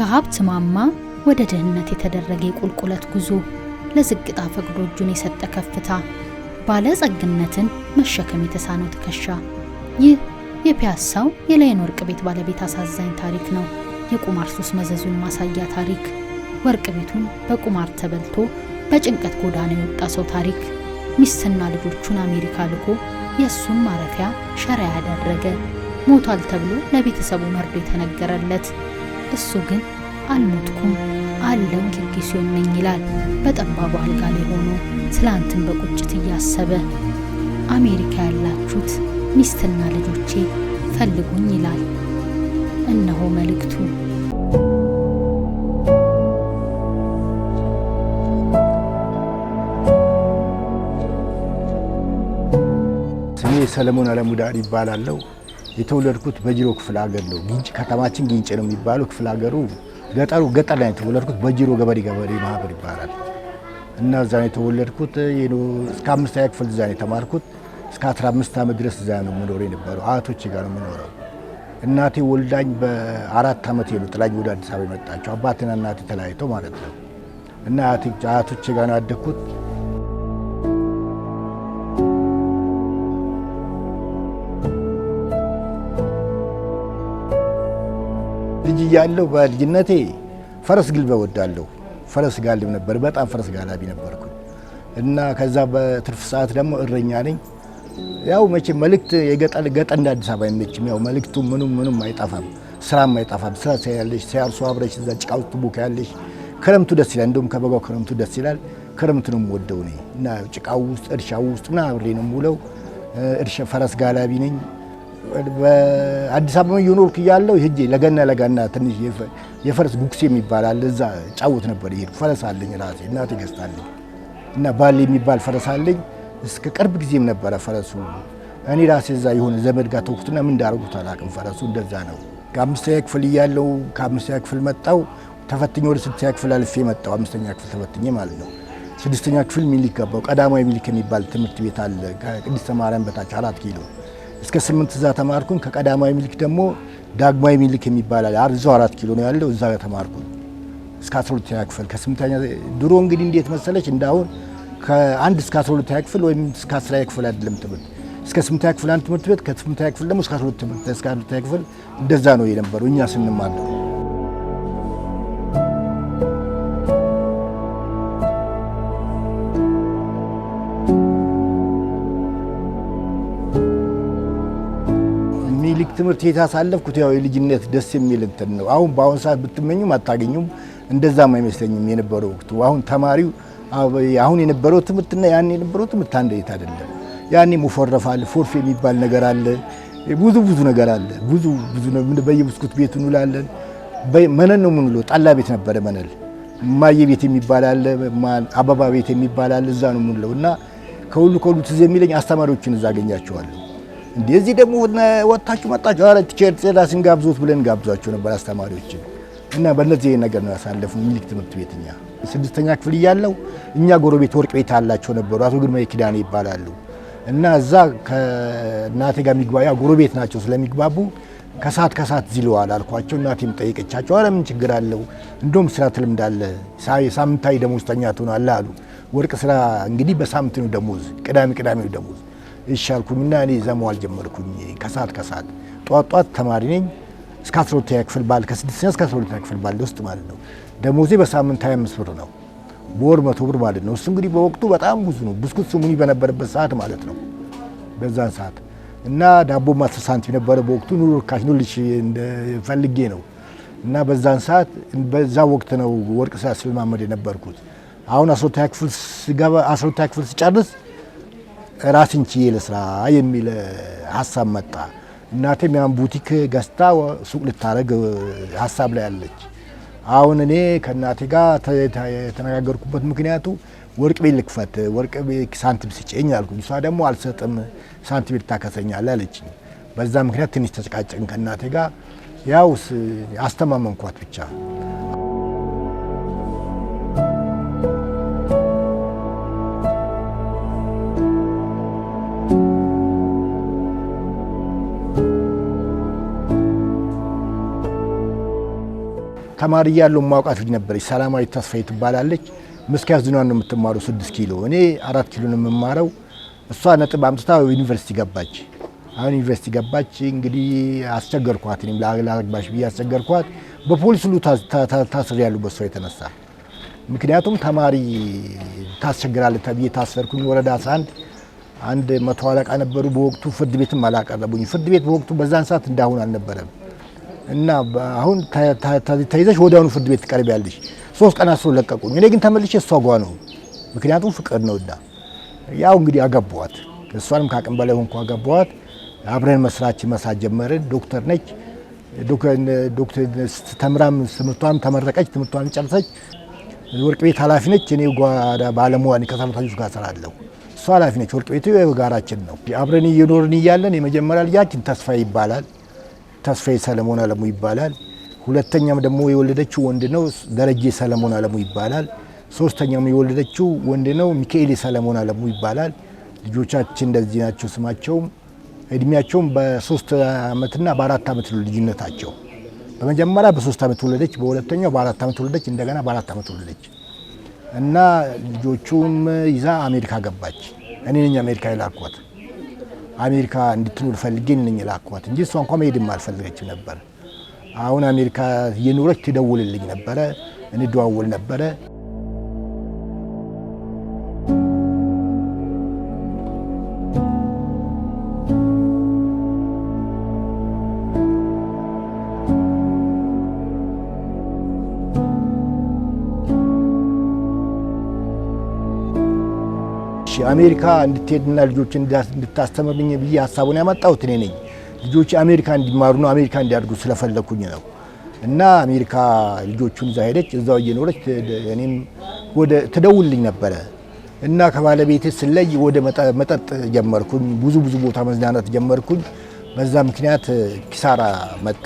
ከሀብት ማማ ወደ ድህነት የተደረገ የቁልቁለት ጉዞ ለዝግጣ ፈቅዶ እጁን የሰጠ ከፍታ ባለጸግነትን መሸከም የተሳነው ትከሻ። ይህ የፒያሳው የላይን ወርቅ ቤት ባለቤት አሳዛኝ ታሪክ ነው። የቁማር ሱስ መዘዙን ማሳያ ታሪክ፣ ወርቅ ቤቱን በቁማር ተበልቶ በጭንቀት ጎዳና የወጣ ሰው ታሪክ፣ ሚስትና ልጆቹን አሜሪካ ልኮ የእሱን ማረፊያ ሸራ ያደረገ ሞቷል ተብሎ ለቤተሰቡ መርዶ የተነገረለት እሱ ግን አልሞትኩም አለው ጌርጌሴኖን ነኝ ይላል። በጠባቡ አልጋ ላይ ሆኖ ትላንትን በቁጭት እያሰበ አሜሪካ ያላችሁት ሚስትና ልጆቼ ፈልጉኝ ይላል። እነሆ መልእክቱ። ስሜ ሰለሞን አለሙዳር ይባላለሁ። የተወለድኩት በጅሮ ክፍለ ሀገር ነው። ግንጭ ከተማችን ግንጭ ነው የሚባለው። ክፍለ ሀገሩ ገጠሩ ገጠር ላይ የተወለድኩት በጅሮ ገበሬ ገበሬ ማህበር ይባላል እና እዛ ነው የተወለድኩት። እስከ አምስት ያ ክፍል እዛ ነው የተማርኩት። እስከ 15 ዓመት ድረስ እዛ ነው የምኖር የነበረው። አያቶቼ ጋር ነው የምኖረው። እናቴ ወልዳኝ በአራት ዓመት ነው ጥላኝ ወደ አዲስ አበባ የመጣቸው። አባትና እናቴ ተለያይተው ማለት ነው እና አያቶቼ ጋር ነው ያደግኩት። እያለሁ በልጅነቴ ፈረስ ግልበ ወዳለሁ። ፈረስ ጋልብ ነበር፣ በጣም ፈረስ ጋላቢ ነበርኩ እና ከዛ በትርፍ ሰዓት ደግሞ እረኛ ነኝ። ያው መቼ መልእክት የገጠል ገጠ እንደ አዲስ አበባ አይመችም። ያው መልእክቱ ምኑም ምኑም አይጠፋም፣ ስራም አይጠፋም። ስራ ሲያለሽ ሲያርሱ አብረሽ እዛ ጭቃ ውስጥ ቡካ ያለሽ ክረምቱ ደስ ይላል። እንደውም ከበጋው ክረምቱ ደስ ይላል። ክረምቱ ነው የምወደው እኔ እና ጭቃው ውስጥ እርሻው ውስጥ ምናምን አብሬ ነው የምውለው። እርሻ ፈረስ ጋላቢ ነኝ። አዲስ አበባ እየኖርኩ እያለሁ ሄጄ ለገና ለጋና ትንሽ የፈረስ ጉግሴ የሚባል አለ እዛ ጫወት ነበር። ይሄ ፈረስ አለኝ ራሴ እናቴ ገዝታለኝ እና ባሌ የሚባል ፈረስ አለኝ። እስከ ቅርብ ጊዜም ነበረ ፈረሱ። እኔ ራሴ እዛ የሆነ ዘመድ ጋር ተውኩትና ምን እንዳደረጉት አላውቅም። ፈረሱ እንደዛ ነው። ከአምስተኛ ክፍል እያለሁ ከአምስተኛ ክፍል መጣሁ ተፈትኜ ወደ ስድስተኛ ክፍል አልፌ መጣሁ። አምስተኛ ክፍል ተፈትኜ ማለት ነው። ስድስተኛ ክፍል ሚኒሊክ ገባሁ። ቀዳማዊ ሚኒሊክ የሚባል ትምህርት ቤት አለ ከቅድስተ ማርያም በታች አራት ኪሎ እስከ ስምንት እዛ ተማርኩኝ። ከቀዳማዊ ሚልክ ደግሞ ዳግማዊ ሚልክ የሚባል አለ። እዛው አራት ኪሎ ነው ያለው። እዛ ተማርኩኝ እስከ 12ኛ ክፍል ከስምንተኛ ድሮ እንግዲህ እንዴት መሰለች እንዳሁን ከአንድ እስከ 12ኛ ክፍል ወይም እስከ 10 ክፍል አይደለም ትምህርት እስከ 8 ክፍል አንድ ትምህርት ቤት ከ8ኛ ክፍል ደግሞ እስከ 12ኛ ክፍል እንደዛ ነው የነበረው እኛ ስንማር ትምህርት ቤት ያሳለፍኩት ያው የልጅነት ደስ የሚል እንትን ነው። አሁን በአሁን ሰዓት ብትመኙም አታገኙም። እንደዛም አይመስለኝም የነበረው ወቅቱ። አሁን ተማሪው አሁን የነበረው ትምህርትና ያን የነበረው ትምህርት አንድ ቤት አይደለም። ያኔ ሙፈረፋል ፎርፍ የሚባል ነገር አለ፣ ብዙ ብዙ ነገር አለ። ብዙ ብዙ በየብስኩት ቤት እንውላለን። መነን ነው የምንውለው። ጠላ ቤት ነበረ መነል። ማየ ቤት የሚባል አለ፣ አበባ ቤት የሚባል አለ። እዛ ነው የምንውለው እና ከሁሉ ከሁሉ ትዝ የሚለኝ አስተማሪዎችን እዛ አገኛቸዋለሁ። እንደዚህ ደግሞ ወታችሁ መጣችሁ፣ አረ ቲቸር ሴላስን ጋብዞት ብለን ጋብዟቸው ነበር አስተማሪዎችን እና በእነዚህ ነገር ነው ያሳለፉ። ሚኒክ ትምህርት ቤት እኛ ስድስተኛ ክፍል እያለሁ እኛ ጎረቤት ወርቅ ቤት አላቸው ነበሩ። አቶ ግርማ ኪዳኔ ይባላሉ እና እዛ ከእናቴ ጋር የሚግባ ያው ጎረቤት ናቸው ስለሚግባቡ ከሰዓት ከሰዓት ዝለዋል አልኳቸው። እናቴም ጠየቀቻቸው። አረ ምን ችግር አለው እንደውም ስራ ትልምድ አለ ሳምንታዊ ደሞዝተኛ ትሆናለህ አሉ። ወርቅ ስራ እንግዲህ በሳምንት ነው ደሞዝ፣ ቅዳሜ ቅዳሜ ነው ደሞዝ እና እኔ ዘመዋል ጀመርኩኝ። ከሰዓት ከሰዓት ጧት ጧት ተማሪ ነኝ እስከ 12ኛ ክፍል ባለ ከስድስተኛ እስከ 12ኛ ክፍል ባለ ውስጥ ማለት ነው። ደሞዜ በሳምንት 25 ብር ነው፣ በወር መቶ ብር ማለት ነው። እሱ እንግዲህ በወቅቱ በጣም ብዙ ነው። ብስኩት ስሙኒ በነበረበት ሰዓት ማለት ነው። በዛን ሰዓት እና ዳቦ አስር ሳንቲም ነበረ በወቅቱ ኑሮ ርካሽ ነው ልሽ ፈልጌ ነው እና በዛን ሰዓት በዛ ወቅት ነው ወርቅ ስራ ስልማመድ የነበርኩት። አሁን አስሮታ ክፍል ስገባ አስሮታ ክፍል ስጨርስ ራስን ችዬ ልስራ የሚል ሀሳብ መጣ። እናቴም ያን ቡቲክ ገዝታ ሱቅ ልታደርግ ሀሳብ ላይ አለች። አሁን እኔ ከእናቴ ጋር የተነጋገርኩበት ምክንያቱ ወርቅ ቤት ልክፈት፣ ወርቅ ቤት ሳንቲም ስጭኝ አልኩኝ። እሷ ደግሞ አልሰጥም ሳንቲም ልታከሰኛለ ታከሰኛለህ አለችኝ። በዛ ምክንያት ትንሽ ተጨቃጨቅን ከእናቴ ጋር። ያው አስተማመንኳት ብቻ ተማሪ እያለሁ የማውቃት ልጅ ነበረች፣ ሰላማዊት ተስፋ ትባላለች። ምስኪያስ ዝኗን ነው የምትማረው ስድስት ኪሎ፣ እኔ አራት ኪሎ ነው የምማረው። እሷ ነጥብ አምጥታ ዩኒቨርሲቲ ገባች። አሁን ዩኒቨርሲቲ ገባች። እንግዲህ አስቸገርኳት፣ እኔም ላግባሽ ብዬ አስቸገርኳት። በፖሊስ ሁሉ ታስር ያሉ በሷ የተነሳ ምክንያቱም ተማሪ ታስቸግራለ ተብዬ ታሰርኩኝ። ወረዳ አንድ አንድ መቶ አለቃ ነበሩ በወቅቱ። ፍርድ ቤትም አላቀረቡኝ። ፍርድ ቤት በወቅቱ በዛን ሰዓት እንዳሁን አልነበረም። እና አሁን ተይዘሽ ወዲያውኑ ፍርድ ቤት ትቀርቢያለሽ። ሶስት ቀን አስሮ ለቀቁኝ። እኔ ግን ተመልሼ እሷ ጓ ነው፣ ምክንያቱም ፍቅር ነው። ነውና ያው እንግዲህ አገቧት፣ እሷንም ከአቅም በላይ ሆንኩ፣ አገቧት። አብረን መስራች መሳት ጀመርን። ዶክተር ነች ዶክተር ተምራም ትምህርቷን ተመረቀች፣ ትምህርቷን ጨርሰች ወርቅ ቤት ኃላፊ ነች። እኔ ባለሙያ ከሰራተኞች ጋር እሰራለሁ። እሷ ኃላፊ ነች። ወርቅ ቤቱ የጋራችን ነው። አብረን እየኖርን እያለን የመጀመሪያ ልጃችን ተስፋ ይባላል። ተስፋዬ ሰለሞን አለሙ ይባላል። ሁለተኛም ደግሞ የወለደችው ወንድ ነው ደረጀ ሰለሞን አለሙ ይባላል። ሶስተኛም የወለደችው ወንድ ነው ሚካኤል ሰለሞን አለሙ ይባላል። ልጆቻችን እንደዚህ ናቸው። ስማቸውም እድሜያቸውም በሶስት ዓመትና በአራት ዓመት ልዩነታቸው። በመጀመሪያ በሶስት ዓመት ወለደች፣ በሁለተኛው በአራት ዓመት ወለደች፣ እንደገና በአራት ዓመት ወለደች እና ልጆቹም ይዛ አሜሪካ ገባች። እኔ ነኝ አሜሪካ የላኳት። አሜሪካ እንድትኖር ፈልጌ ነኝ ላኳት እንጂ እሷ እንኳ መሄድም አልፈለገችም ነበር። አሁን አሜሪካ እየኖረች ትደውልልኝ ነበረ፣ እንደዋወል ነበረ። አሜሪካ እንድትሄድና ልጆች እንድታስተምርልኝ ብዬ ሀሳቡን ያመጣሁት እኔ ነኝ። ልጆች አሜሪካ እንዲማሩ ነው፣ አሜሪካ እንዲያድጉ ስለፈለግኩኝ ነው። እና አሜሪካ ልጆቹን እዛ ሄደች፣ እዛው እየኖረች እኔም ወደ ትደውልልኝ ነበረ እና ከባለቤት ስለይ ወደ መጠጥ ጀመርኩኝ። ብዙ ብዙ ቦታ መዝናናት ጀመርኩኝ። በዛ ምክንያት ኪሳራ መጣ፣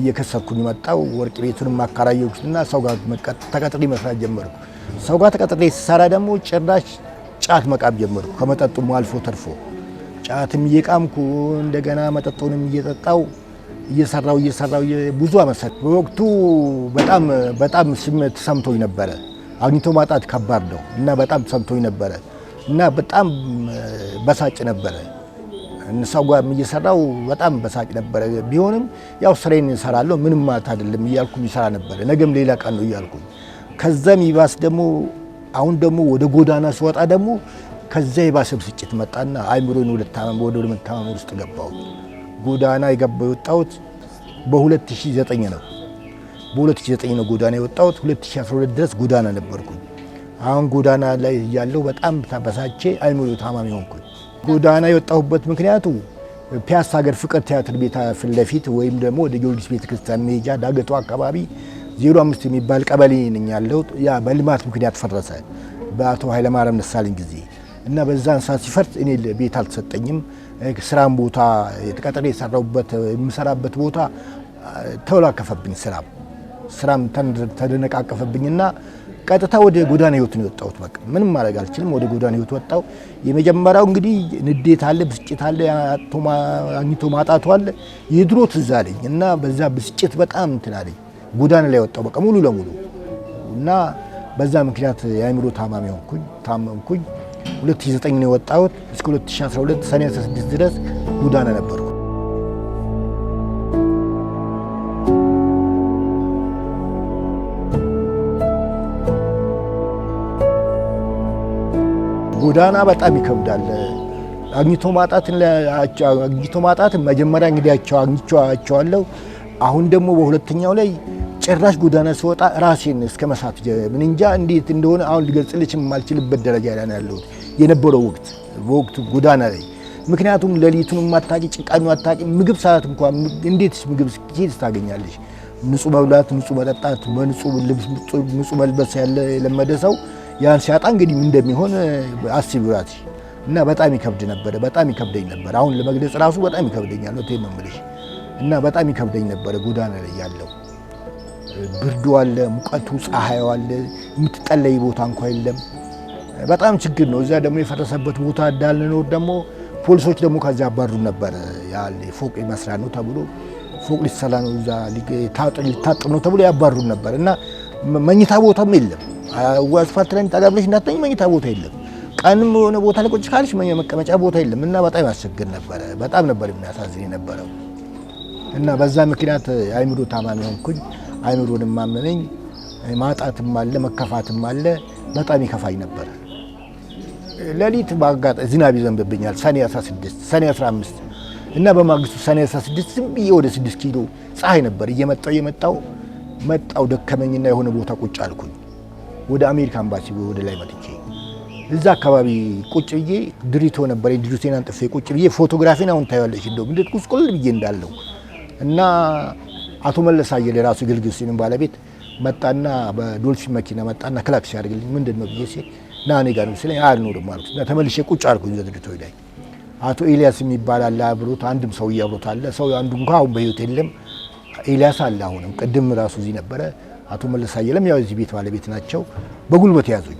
እየከሰርኩኝ መጣው። ወርቅ ቤቱንም አካራየሁትና ሰው ጋር ተቀጥሬ መስራት ጀመርኩ። ሰው ጋር ተቀጥሬ ስሰራ ደግሞ ጭራሽ ጫት መቃም ጀመሩ። ከመጠጡም አልፎ ተርፎ ጫትም እየቃምኩ እንደገና መጠጡንም እየጠጣው እየሰራው እየሰራው ብዙ አመሰት በወቅቱ በጣም በጣም ስሜት ተሰምቶኝ ነበረ። አግኝቶ ማጣት ከባድ ነው እና በጣም ተሰምቶኝ ነበረ እና በጣም በሳጭ ነበረ። ሰው ጋር እየሰራው በጣም በሳጭ ነበረ። ቢሆንም ያው ስሬን እሰራለሁ ምንም ማለት አይደለም እያልኩ ይሰራ ነበረ። ነገም ሌላ ቀን ነው እያልኩኝ ከዛም ይባስ ደግሞ አሁን ደግሞ ወደ ጎዳና ስወጣ ደግሞ ከዛ የባሰ ብስጭት መጣና አይምሮን ወደ ወደ መታመም ውስጥ ገባው። ጎዳና የገባ የወጣሁት በ2009 ነው። በ2009 ነው ጎዳና የወጣሁት። 2012 ድረስ ጎዳና ነበርኩኝ። አሁን ጎዳና ላይ ያለው በጣም ተበሳቼ አይምሮ ታማሚ ሆንኩኝ። ጎዳና የወጣሁበት ምክንያቱ ፒያሳ ሀገር ፍቅር ቲያትር ቤት ፊት ለፊት ወይም ደግሞ ወደ ጊዮርጊስ ቤተክርስቲያን መሄጃ ዳገቱ አካባቢ ዜሮ አምስት የሚባል ቀበሌ ነኝ ያለሁት። ያ በልማት ምክንያት ፈረሰ በአቶ ኃይለማርያም ደሳለኝ ጊዜ እና በዛን ሰዓት ሲፈርስ እኔ ቤት አልተሰጠኝም። ስራም ቦታ ተቀጥሬ የሰራሁበት የምሰራበት ቦታ ተወላከፈብኝ። ስራም ስራም ተደነቃቀፈብኝና ቀጥታ ወደ ጎዳና ህይወት ነው የወጣሁት። በቃ ምንም ማድረግ አልችልም። ወደ ጎዳና ህይወት ወጣው። የመጀመሪያው እንግዲህ ንዴት አለ፣ ብስጭት አለ፣ አግኝቶ ማጣቱ አለ። የድሮ ትዝ አለኝ እና በዛ ብስጭት በጣም እንትን አለኝ። ጎዳና ላይ ወጣው በቃ ሙሉ ለሙሉ እና በዛ ምክንያት የአእምሮ ታማሚ ሆንኩኝ፣ ታመምኩኝ። 2009 ነው የወጣሁት። እስከ 2012 ሰኔ 16 ድረስ ጎዳና ነበርኩ። ጎዳና በጣም ይከብዳል። አግኝቶ ማጣትን አግኝቶ ማጣትን መጀመሪያ እንግዲህ አግኝቼዋለሁ። አሁን ደግሞ በሁለተኛው ላይ ጭራሽ ጎዳና ስወጣ ራሴን እስከ መሳት ምን እንጃ እንዴት እንደሆነ አሁን ልገልጽልሽ የማልችልበት ደረጃ ላይ ያለሁት የነበረው ወቅት በወቅቱ ጎዳና ላይ ምክንያቱም ሌሊቱን ማታቂ ጭቃኙ አታቂ ምግብ ሰዓት እንኳን እንዴት ምግብ ስኬት ታገኛለሽ? ንጹህ መብላት፣ ንጹህ መጠጣት፣ በንጹህ ልብስ፣ ንጹህ መልበስ ያለ የለመደ ሰው ያን ሲያጣ እንግዲህ እንደሚሆን አስቢራት እና በጣም ይከብድ ነበረ። በጣም ይከብደኝ ነበር። አሁን ለመግለጽ ራሱ በጣም ይከብደኛል ነው የምልሽ እና በጣም ይከብደኝ ነበረ ጎዳና ላይ ያለው ብርዱ አለ፣ ሙቀቱ፣ ፀሐዩ አለ። የምትጠለይ ቦታ እንኳ የለም። በጣም ችግር ነው። እዚያ ደግሞ የፈረሰበት ቦታ እንዳልኖር ደግሞ ፖሊሶች ደግሞ ከዚ አባሩ ነበር። ያለ ፎቅ መስሪያ ነው ተብሎ ፎቅ ሊሰላ ነው እዛ ሊታጥር ነው ተብሎ ያባሩ ነበር እና መኝታ ቦታም የለም። አስፋልት ላይ ጠጋ ብለሽ እንዳትተኝ መኝታ ቦታ የለም። ቀንም የሆነ ቦታ ላይ ቁጭ ካልሽ መቀመጫ ቦታ የለም እና በጣም ያስቸግር ነበረ። በጣም ነበር የሚያሳዝን የነበረው እና በዛ ምክንያት አይምዶ ታማሚ ሆንኩኝ። አይኑሩንም ማመነኝ ማጣትም አለ መከፋትም አለ። በጣም ይከፋኝ ነበር። ሌሊት በአጋጣሚ ዝናብ ይዘንብብኛል ሰኔ 16 ሰኔ 15 እና በማግስቱ ሰኔ 16 ዝም ብዬ ወደ 6 ኪሎ ፀሐይ ነበር እየመጣው እየመጣው መጣው ደከመኝና የሆነ ቦታ ቁጭ አልኩኝ። ወደ አሜሪካ አምባሲ ወደ ላይ መጥቼ እዛ አካባቢ ቁጭ ብዬ ድሪቶ ነበር ድሪቶን አንጥፌ ቁጭ ብዬ ፎቶግራፊን አሁን ታያለሽ እንደው ምንድ ቁስቁል ብዬ እንዳለው እና አቶ መለስ አየለ የራሱ ግልግል ሲኒማ ባለቤት መጣና በዶልፊን መኪና መጣና ክላክ ሲያደርግልኝ ምንድን ነው ብዬ ሲል ና እኔ ጋር ነው ሲለኝ አልኖርም አልኩት እና ተመልሼ ቁጭ አልኩኝ ዘድድቶ ላይ አቶ ኤልያስ የሚባል አለ አብሮት አንድም ሰው እያብሮት አለ ሰው አንዱ እንኳ አሁን በህይወት የለም። ኤልያስ አለ አሁንም ቅድም ራሱ እዚህ ነበረ። አቶ መለስ አየለም ያው እዚህ ቤት ባለቤት ናቸው። በጉልበት ያዙኝ።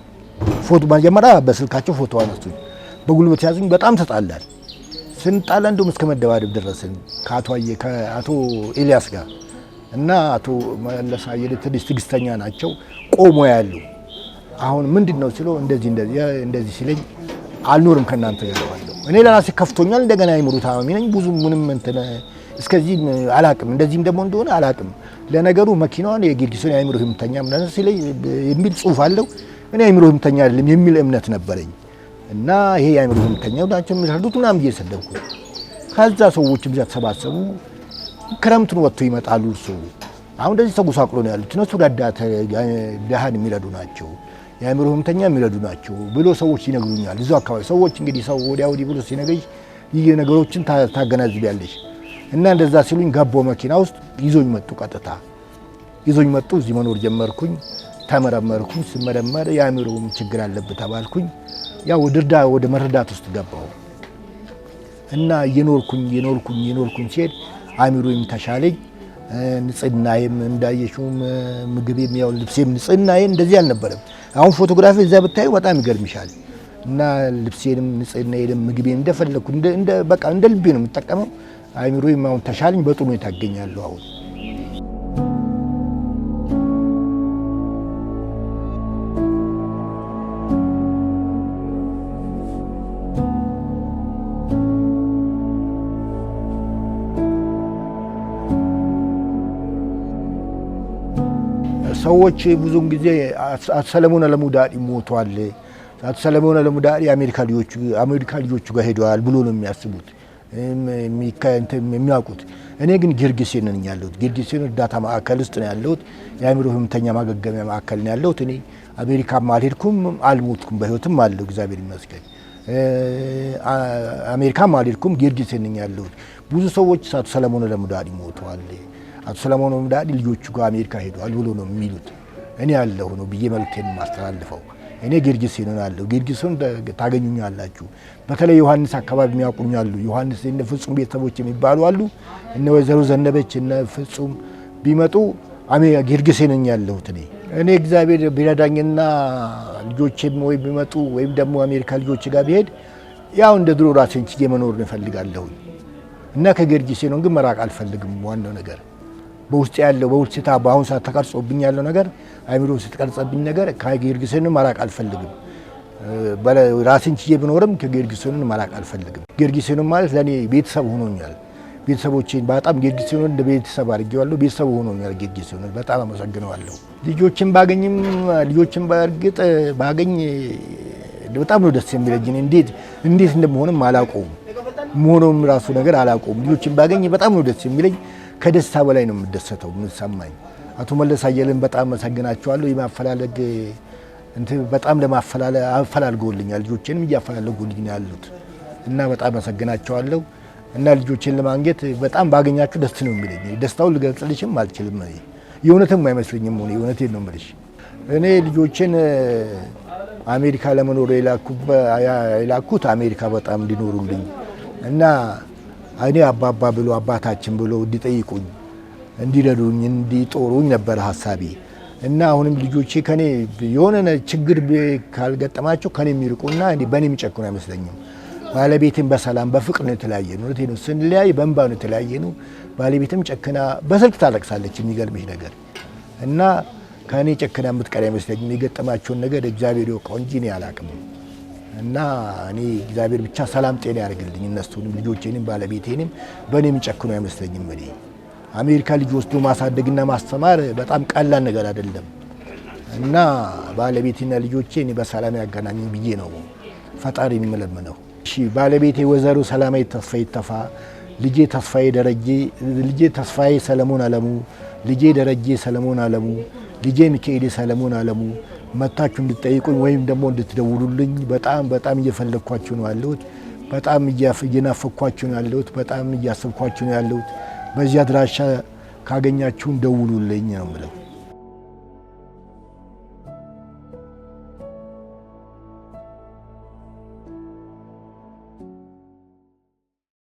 ፎቶ መጀመሪያ በስልካቸው ፎቶ አነሱኝ። በጉልበት ያዙኝ። በጣም ተጣላል። ስንጣላ እንደውም እስከ መደባደብ ደረስን ከአቶ ኤልያስ ጋር እና አቶ መለስ አየለ ትንሽ ትዕግስተኛ ናቸው። ቆሞ ያሉ አሁን ምንድን ነው ስለው እንደዚህ እንደዚህ ሲለኝ አልኖርም ከእናንተ ገለዋለሁ እኔ ለራሴ ከፍቶኛል። እንደገና የምሩ ታማሚ ነኝ ብዙ ምንም እንትን እስከዚህ አላቅም እንደዚህም ደግሞ እንደሆነ አላቅም። ለነገሩ መኪናዋን የጊዮርጊስን የአእምሮ ህመምተኛ ምናምን ሲለኝ የሚል ጽሁፍ አለው። እኔ አእምሮ ህመምተኛ አይደለም የሚል እምነት ነበረኝ እና ይሄ የአእምሮ ህመምተኛ ናቸው የሚረዱት ምናምን እየሰደብኩ ከዛ ሰዎች ብዛት ተሰባሰቡ። ክረምቱን ወጥቶ ይመጣሉ። እሱ አሁን እንደዚህ ተጎሳቅሎ ነው ያሉት እነሱ ደሃን የሚረዱ ናቸው የአእምሮ ህመምተኛ የሚረዱ ናቸው ብሎ ሰዎች ይነግሩኛል። እዚሁ አካባቢ ሰዎች እንግዲህ ሰው ወዲያ ወዲህ ብሎ ሲነግርሽ ይህ ነገሮችን ታገናዝቢያለሽ። እና እንደዛ ሲሉኝ ገባው መኪና ውስጥ ይዞኝ መጡ። ቀጥታ ይዞኝ መጡ። እዚህ መኖር ጀመርኩኝ። ተመረመርኩኝ። ስመረመር የአእምሮም ችግር አለብህ ተባልኩኝ። ያው ድርዳ ወደ መረዳት ውስጥ ገባው እና እየኖርኩኝ እየኖርኩኝ እየኖርኩኝ ሲሄድ አሚሮም ተሻለኝ። ንጽህናዬም እንዳየሽውም ምግቤም ያው ልብሴም ንጽህናዬ እንደዚህ አልነበረም። አሁን ፎቶግራፊ እዛ ብታዩ በጣም ይገርምሻል። እና ልብሴንም ንጽህናዬንም ምግቤን እንደፈለግኩ በቃ እንደ ልቤ ነው የምጠቀመው። አሚሮም አሁን ተሻለኝ። በጥሩ ሁኔታ አሁን ሰዎች ብዙውን ጊዜ አቶ ሰለሞን አለሙዳዲ ሞቷል፣ አቶ ሰለሞን አሜሪካ ልጆቹ አሜሪካ ልጆቹ ጋር ሄደዋል ብሎ ነው የሚያስቡት የሚያውቁት። እኔ ግን ጊርጊሴን ነኝ ያለሁት። ጊርጊሴን እርዳታ ማዕከል ውስጥ ነው ያለሁት። የአእምሮ ህመምተኛ ማገገሚያ ማዕከል ነው ያለሁት። እኔ አሜሪካም አልሄድኩም አልሞትኩም፣ በህይወትም አለሁ እግዚአብሔር ይመስገን። አሜሪካም አልሄድኩም፣ ጊርጊሴን ነኝ ያለሁት። ብዙ ሰዎች አቶ ሰለሞን አለሙ ሞተዋል። አቶ ሰለሞን ወምዳዲ ልጆቹ ጋር አሜሪካ ሄደዋል ብሎ ነው የሚሉት። እኔ ያለሁ ነው ብዬ መልክቴን ማስተላልፈው። እኔ ጌርጌሴ ነው ያለሁ። ጌርጌሴን ታገኙኛላችሁ። በተለይ ዮሐንስ አካባቢ የሚያውቁኝ የሚያውቁኛሉ። ዮሐንስ እነ ፍጹም ቤተሰቦች የሚባሉ አሉ። እነ ወይዘሮ ዘነበች እነ ፍጹም ቢመጡ ጌርጌሴ ነኝ ያለሁት እኔ እኔ እግዚአብሔር ቢረዳኝና ልጆችም ወይ ቢመጡ ወይም ደግሞ አሜሪካ ልጆች ጋር ቢሄድ ያው እንደ ድሮ ራሴን ችዬ መኖር እፈልጋለሁኝ እና ከጌርጌሴኖን ግን መራቅ አልፈልግም። ዋናው ነገር በውስጥ ያለው በውስጥታ በአሁኑ ሰዓት ተቀርጾብኝ ያለው ነገር አይምሮ ውስጥ የተቀርጸብኝ ነገር ከጊዮርጊስን መራቅ አልፈልግም። ራሴን ችዬ ብኖርም ከጊዮርጊስን መራቅ አልፈልግም። ጊዮርጊስን ማለት ለእኔ ቤተሰብ ሆኖኛል። ቤተሰቦቼን በጣም ጊዮርጊስን እንደ ቤተሰብ አድርጌዋለሁ። ቤተሰብ ሆኖኛል ጊዮርጊስን በጣም አመሰግነዋለሁ። ልጆችን ባገኝም ልጆችን በእርግጥ ባገኝ በጣም ነው ደስ የሚለኝ። እንዴት እንዴት እንደምሆንም አላውቀውም። መሆኑም ራሱ ነገር አላውቀውም። ልጆችን ባገኝ በጣም ነው ደስ የሚለኝ። ከደስታ በላይ ነው የምደሰተው የምሰማኝ። አቶ መለስ አየልን በጣም አመሰግናቸዋለሁ። የማፈላለግ እንትን በጣም አፈላልገውልኛል። ልጆቼንም እያፈላለጉልኝ ነው ያሉት እና በጣም አመሰግናቸዋለሁ። እና ልጆችን ለማግኘት በጣም ባገኛችሁ ደስ ነው የሚለኝ። ደስታውን ልገልጽልሽም አልችልም። የእውነትም አይመስለኝም። ሆነ የእውነት ነው የምልሽ። እኔ ልጆችን አሜሪካ ለመኖር የላኩት አሜሪካ በጣም እንዲኖሩልኝ እና እኔ አባባ ብሎ አባታችን ብሎ እንዲጠይቁኝ፣ እንዲረዱኝ፣ እንዲጦሩኝ ነበር ሀሳቤ እና አሁንም ልጆቼ ከኔ የሆነ ችግር ካልገጠማቸው ከኔ የሚርቁና በእኔ የሚጨክኑ አይመስለኝም። ባለቤትም በሰላም በፍቅር ነው የተለያየ ነው። እውነቴን ነው። ስንለያይ በእንባ ነው የተለያየ ነው። ባለቤትም ጨክና በስልክ ታለቅሳለች። የሚገርምሽ ነገር እና ከእኔ ጨክና የምትቀር አይመስለኝም። የገጠማቸውን ነገር እግዚአብሔር ይወቀው እንጂ እኔ አላቅም። እና እኔ እግዚአብሔር ብቻ ሰላም ጤና ያደርግልኝ እነሱንም ልጆቼንም ባለቤቴንም በእኔ የሚጨክኑ አይመስለኝም። እኔ አሜሪካ ልጅ ወስዶ ማሳደግና ማስተማር በጣም ቀላል ነገር አይደለም እና ባለቤቴና ልጆቼ እኔ በሰላም ያገናኝ ብዬ ነው ፈጣሪ የሚመለምነው። እሺ ባለቤቴ ወይዘሮ ሰላማዊ ተስፋ ይተፋ፣ ልጄ ተስፋዬ ደረጀ፣ ልጄ ተስፋዬ ሰለሞን አለሙ፣ ልጄ ደረጀ ሰለሞን አለሙ፣ ልጄ ሚካኤል ሰለሞን አለሙ መታችሁ እንድጠይቁኝ ወይም ደግሞ እንድትደውሉልኝ በጣም በጣም እየፈለግኳችሁ ነው ያለሁት። በጣም እየናፈኳችሁ ነው ያለሁት። በጣም እያሰብኳችሁ ነው ያለሁት። በዚህ አድራሻ ካገኛችሁን ደውሉልኝ ነው የምለው።